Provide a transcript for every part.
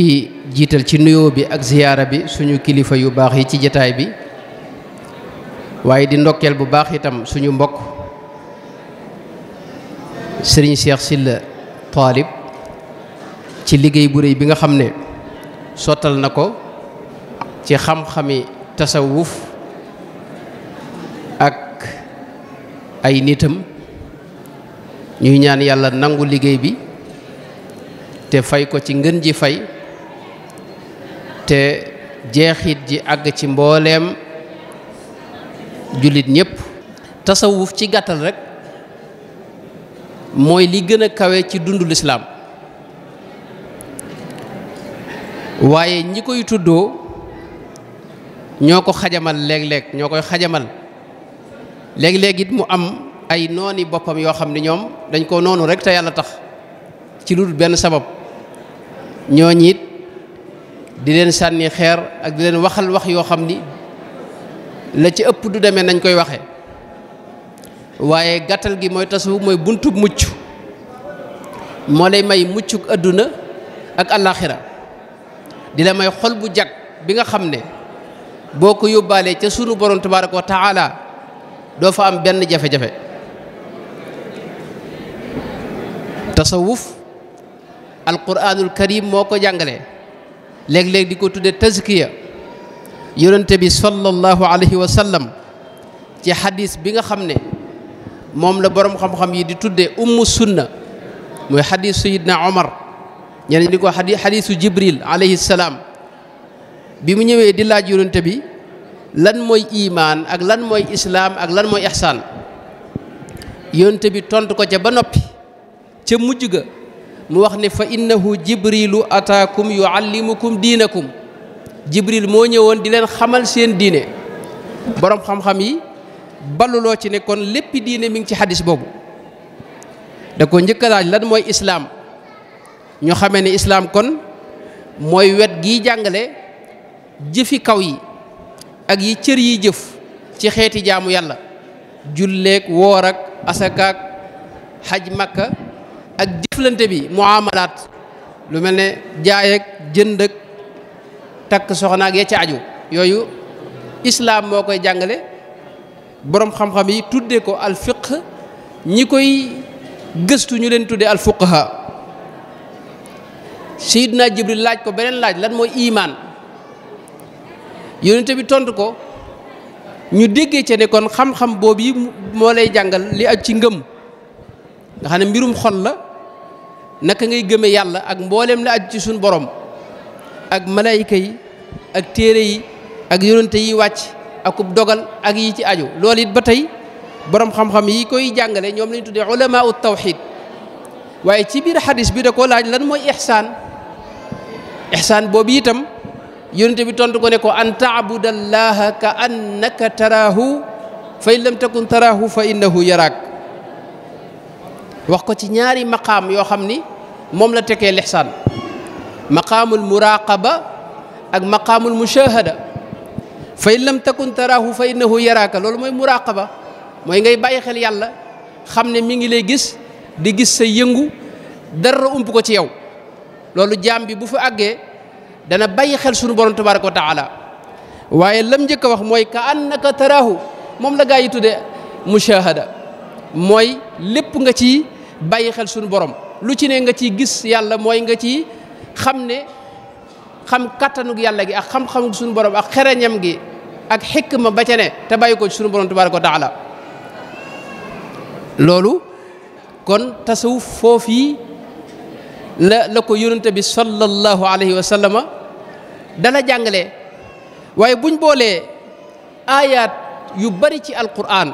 di jiital ci nuyoo bi ak ziyaara bi suñu kilifa yu baax yi ci jataay bi waaye di ndokkeel bu baax itam suñu mbokk sëriñ Cheikh Sylla Talib ci liggéey bu réy bi nga xam ne sottal na ko ci xam-xami tasawuf ak ay nitam ñuy ñaan yàlla nangu liggéey bi te fay ko ci ngën ji fay te jeexit ji àgg ci mbooleem jullit ñépp tasawuf ci gàttal rek mooy li gën a kawe ci dundu lislaam waaye ñi koy tuddoo ñoo ko xajamal léeg-léeg ñoo koy xajamal léeg-léeg it mu am ay nooni boppam yoo xam ne ñoom dañ ko noonu rek te yàlla tax ci lu dul benn sabab ñooñu it di leen sànni xeer ak di leen waxal wax yoo xam ni la ci ëpp du deme nañ koy waxe waaye gàttal gi mooy tasawuf mooy buntu mucc moo lay may muccuk àdduna ak àllaaxira di la may xol bu jag bi nga xam ne boo ko yóbbaalee ca sunu borom tabaaraka wa taala doo fa am benn jafe-jafe tasawuf alquraanul karim moo ko jàngale léeg-léeg di ko tudde tazkiya yonente bi sallallahu alayhi wa sallam ci xadis bi nga xam ne moom la boroom xam-xam yi di tudde ummu sunna mooy xadis sayidna omar ñeneen di ko xadi xadisu jibril alayhi salaam bi mu ñëwee di laaj yonente bi lan mooy imaan ak lan mooy islaam ak lan mooy ixsaan yonente bi tontu ko ca ba noppi ca mujj ga mu wax ne fa innahu jibrilu ataakum yuallimukum diinakum jibril moo ñëwoon di leen xamal seen diine boroom xam-xam yi balluloo ci ne kon léppi diine mi ngi ci xadis boobu da ko njëkk a lan mooy islaam ñu xame ni islaam kon mooy wet gi jàngale jëfi kaw yi ak yi cër yi jëf ci xeeti jaamu yàlla julleek woor ak asakaak xaj makka ak jëflante bi muamalaat lu mel ne jaay jënd ak takk soxna ak ya ca aju yooyu islaam moo koy jàngale boroom xam-xam yi tuddee ko al ñi koy gëstu ñu leen tuddee al fuqaha sayidna jibril laaj ko beneen laaj lan mooy iimaan yonente bi tontu ko ñu déggee ca ne kon xam-xam boobu moo lay jàngal li aj ci ngëm nga mbirum xol la naka ngay gëme yàlla ak mboolem la aju ci suñu borom ak malayka yi ak téere yi ak yonente yi wàcc akub dogal ak yi ci aju loolu it ba tey borom xam-xam yi koy jàngale ñoom lañu tuddee ulama ut tawxid waaye ci biir xadis bi da laaj lan mooy ixsaan ixsaan boobu itam yonente bi tontu ko ne ko an taabudallaha ka annaka taraahu fa in lam takun taraahu fa innahu yaraak wax ko ci ñaari maqaam yoo xam ni moom la tekkee lixsaan maqaamul muraqaba ak maqaamul mushahada fa in lam takun taraahu fa innahu yaraaka loolu mooy muraqaba mooy ngay bàyyi xel yàlla xam ne mi ngi lay gis di gis sa yëngu dara ump ko ci yow loolu jaam bi bu fa àggee dana bàyyi xel sunu borom tabaraka wa taala waaye lam njëkk a wax mooy ka annaka taraahu moom la gaa yi tuddee mushahada mooy lépp nga ci bàyyi xel suñu borom lu ci ne nga ciy gis yàlla mooy nga ci xam ne xam kattanug yàlla gi ak xam-xamug suñu borom ak xereñam gi ak ma ba ca ne te bàyyi ko ci suñu borom tabaaraka wa taala loolu kon tasawuf foofii la la ko yonente bi sallallahu alayhi wa sallama dala jàngale waaye buñ boolee aayaat yu bari ci alquran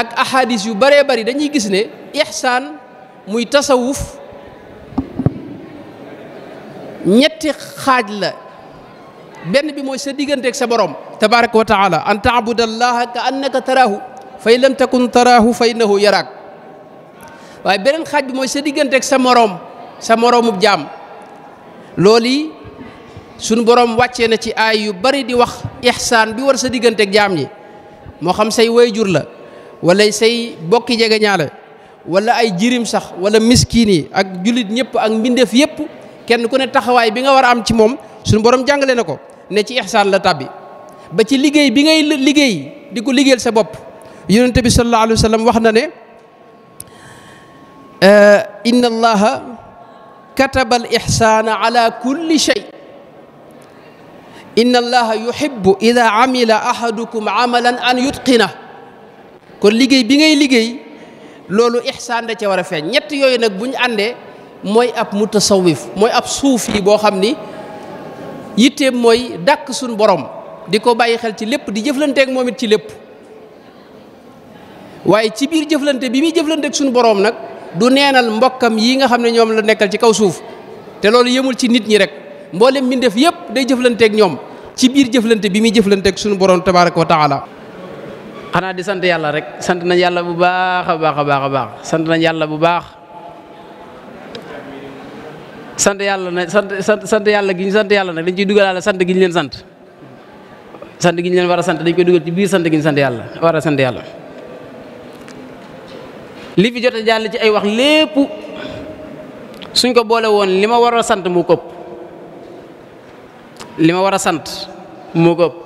ak ahadis yu baree bari dañuy gis ne ixsaan muy tasawuf ñetti xaaj la benn bi mooy sa digganteeg sa boroom tabaraka wa taala an taabud allaha ka annaka taraahu fay in lam taraahu fa innahu yaraak waaye beneen xaaj bi mooy sa digganteeg sa moroom sa moroomub jaam looli yi sunu borom wàccee na ci aay yu bari di wax ixsaan bi war sa digganteeg jaam yi moo xam say wayjur la wala say bokki jegeñaale wala ay jirim sax wala miskin yi ak julit ñëpp ak mbindeef yëpp kenn ku ne taxawaay bi nga war a am ci moom suñu borom jàngale na ko ne ci ihsaan la tàbbi ba ci liggéey bi ngay liggéey di ko liggéeyal sa bopp yonente bi sallallahu alayhi wa wax na ne inna allaha kataba al ihsaana ala kulli shay inna allaha yuhibbu ida amila ahadukum amalan an yutqina kon liggéey bi ngay liggéey loolu ixsaan da ca war a feeñ ñett yooyu nag bu ñu àndee mooy ab mutasawif mooy ab suufi boo xam ni yitteem mooy dàkk suñ borom di ko bàyyi xel ci lépp di jëflanteek moom it ci lépp waaye ci biir jëflante bi muy jëflanteek suñu borom nag du neenal mbokkam yi nga xam ne ñoom la nekkal ci kaw suuf te loolu yemul ci nit ñi rek mboolem mbindeef yépp day jëflanteek ñoom ci biir jëflante bi muy jëflanteek suñu borom tabaaraka wa taala xanaa di sant yàlla rek sant nañ yàlla bu baax a baax a baax a baax sant nañ yàlla bu baax sant yàlla na sant sant yàlla gi sant yàlla nag dañ ciy dugalaale sant gi ñu leen sant sant gi leen war a sant dañ koy dugal ci biir sant gi ñu sant yàlla war a sant yàlla li fi jot jàll ci ay wax lépp suñ ko boole woon lima war a sant mu këpp li war a sant moo këpp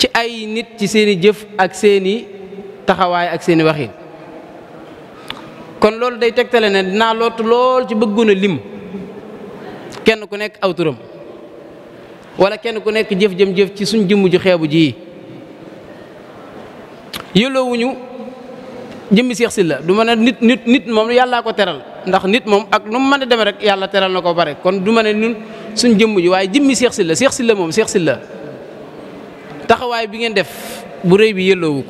ci ay nit ci seeni jëf ak seeni taxawaay ak seeni waxin kon loolu day tegtale ne dinaa lottu lool ci bëggoon a lim kenn ku nekk aw turam wala kenn ku nekk jëf jëm jëf ci suñ jëmm ju xeebu ji yëlloowuñu jëmmi Seex Sylla du ma ne nit nit nit moom yàllaa ko teral ndax nit moom ak nu mu mën a demee rek yàlla teral na ko pare kon du ma ne ñun suñ jëmm ji waaye jëmmi Seex Sylla Seex Sylla moom Seex Sylla taxawaay bi ngeen def bu rëy bi yëlloowu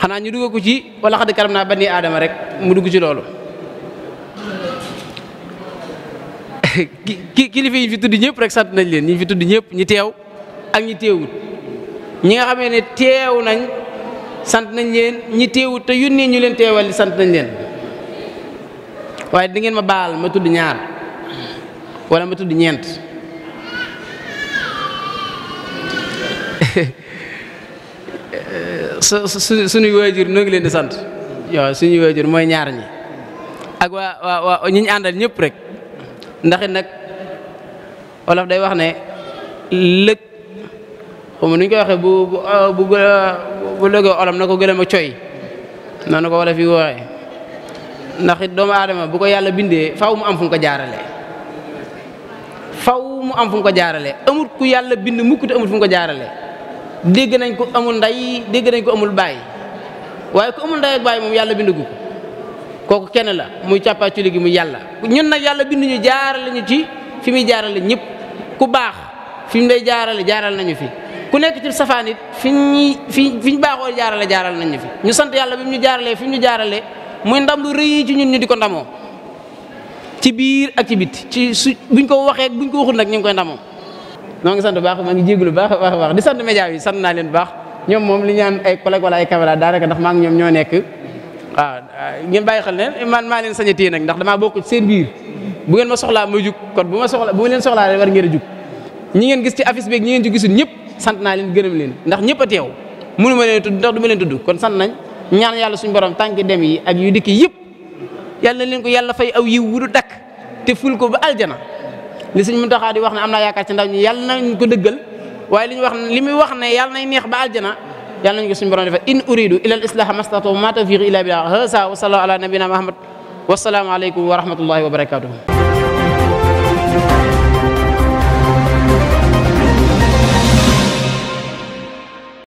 xanaa ñi dugg ko ci wala xad karam naa bani aadama rek mu dugg ci loolu ki kilifa yi ñu fi tudd ñëpp rek sant nañ leen ñi fi tudd ñëpp ñi teew ak ñi teewut ñi nga xamee ne teew nañ sant nañ leen ñi teewut te yónnee ñu leen teewal li sant nañ leen waaye di ngeen ma baal ma tudd ñaar wala ma tudd ñeent su suñu suñuy waajur noo ngi leen di sant waaw suñuy waajur mooy ñaar ñi ak waa waa waa ñi ñu ñëpp rek ndax nag wolof day wax ne lëg xamu nuñ koy waxee bu bu ah, bu lëgoo olam na ko gëlëm a coy noonu ko wolof yi waxee ndaxit it doomu aadama bu ko yàlla bindee faw mu am fu ko jaarale faw mu am fu ko jaarale amut ku yàlla bind mukk te amut fu ko jaarale dégg nañ ko amul ndey dégg nañ ko amul bàyyi waaye ku amul ndey ak moom yàlla bind ko kooku kenn la muy càppaa ci gi mu yàlla ñun nag yàlla bindu ñu jaarale ñu ci fi muy jaarale ñëpp ku baax fi mu lay jaarale jaaral nañu fi ku nekk ci safaan it fi ñuy fi fi ñu baaxoo jaarale jaaral nañu fi ñu sant yàlla bi mu ñu jaaralee fi mu ñu jaarale muy ndam rëy ci ñun ñu di ko ndamoo ci biir ak ci bit ci su buñ ko waxee buñ ko waxul nag ñu koy ndamoo noo ngi sant bu baax maa ngi jégalu baax a baax a baax di sant média yi naa leen baax ñoom moom li ñaan ay collègue wala ay caméra daanaka ndax maa ngi ñoom ñoo nekk waaw ngeen yi xel ne man maa leen sañ a téye nag ndax dama bokk ci seen biir bu ngeen ma soxlaa ma jug kon bu ma soxla bu ma leen soxlaa war ngeen a jug ñi ngeen gis ci affiche beeg ñi ngeen ci gisul ñëpp sant naa leen gërëm leen ndax ñëpp a teew mënu ma leen tudd ndax du ma leen tudd kon sant nañ ñaan yàlla suñu borom tànki dem yi ak yu dikk yëpp yàlla na leen ko yàlla fay aw yiw wu du dakk te ful ko ba aljana li sëñ Muntaxa di wax ne am naa yaakaar ci ndaw ñi yàlla nañ ko dëggal waaye li ñu wax li muy wax ne yàlla nay neex ba aljana yàlla nañ ko suñu borom defal in uridu ila al islaha mastatu ma tawfiqi illa billah hasa wa sallallahu ala nabina muhammad wa salaamu aleykum wa rahmatullahi wa barakatuh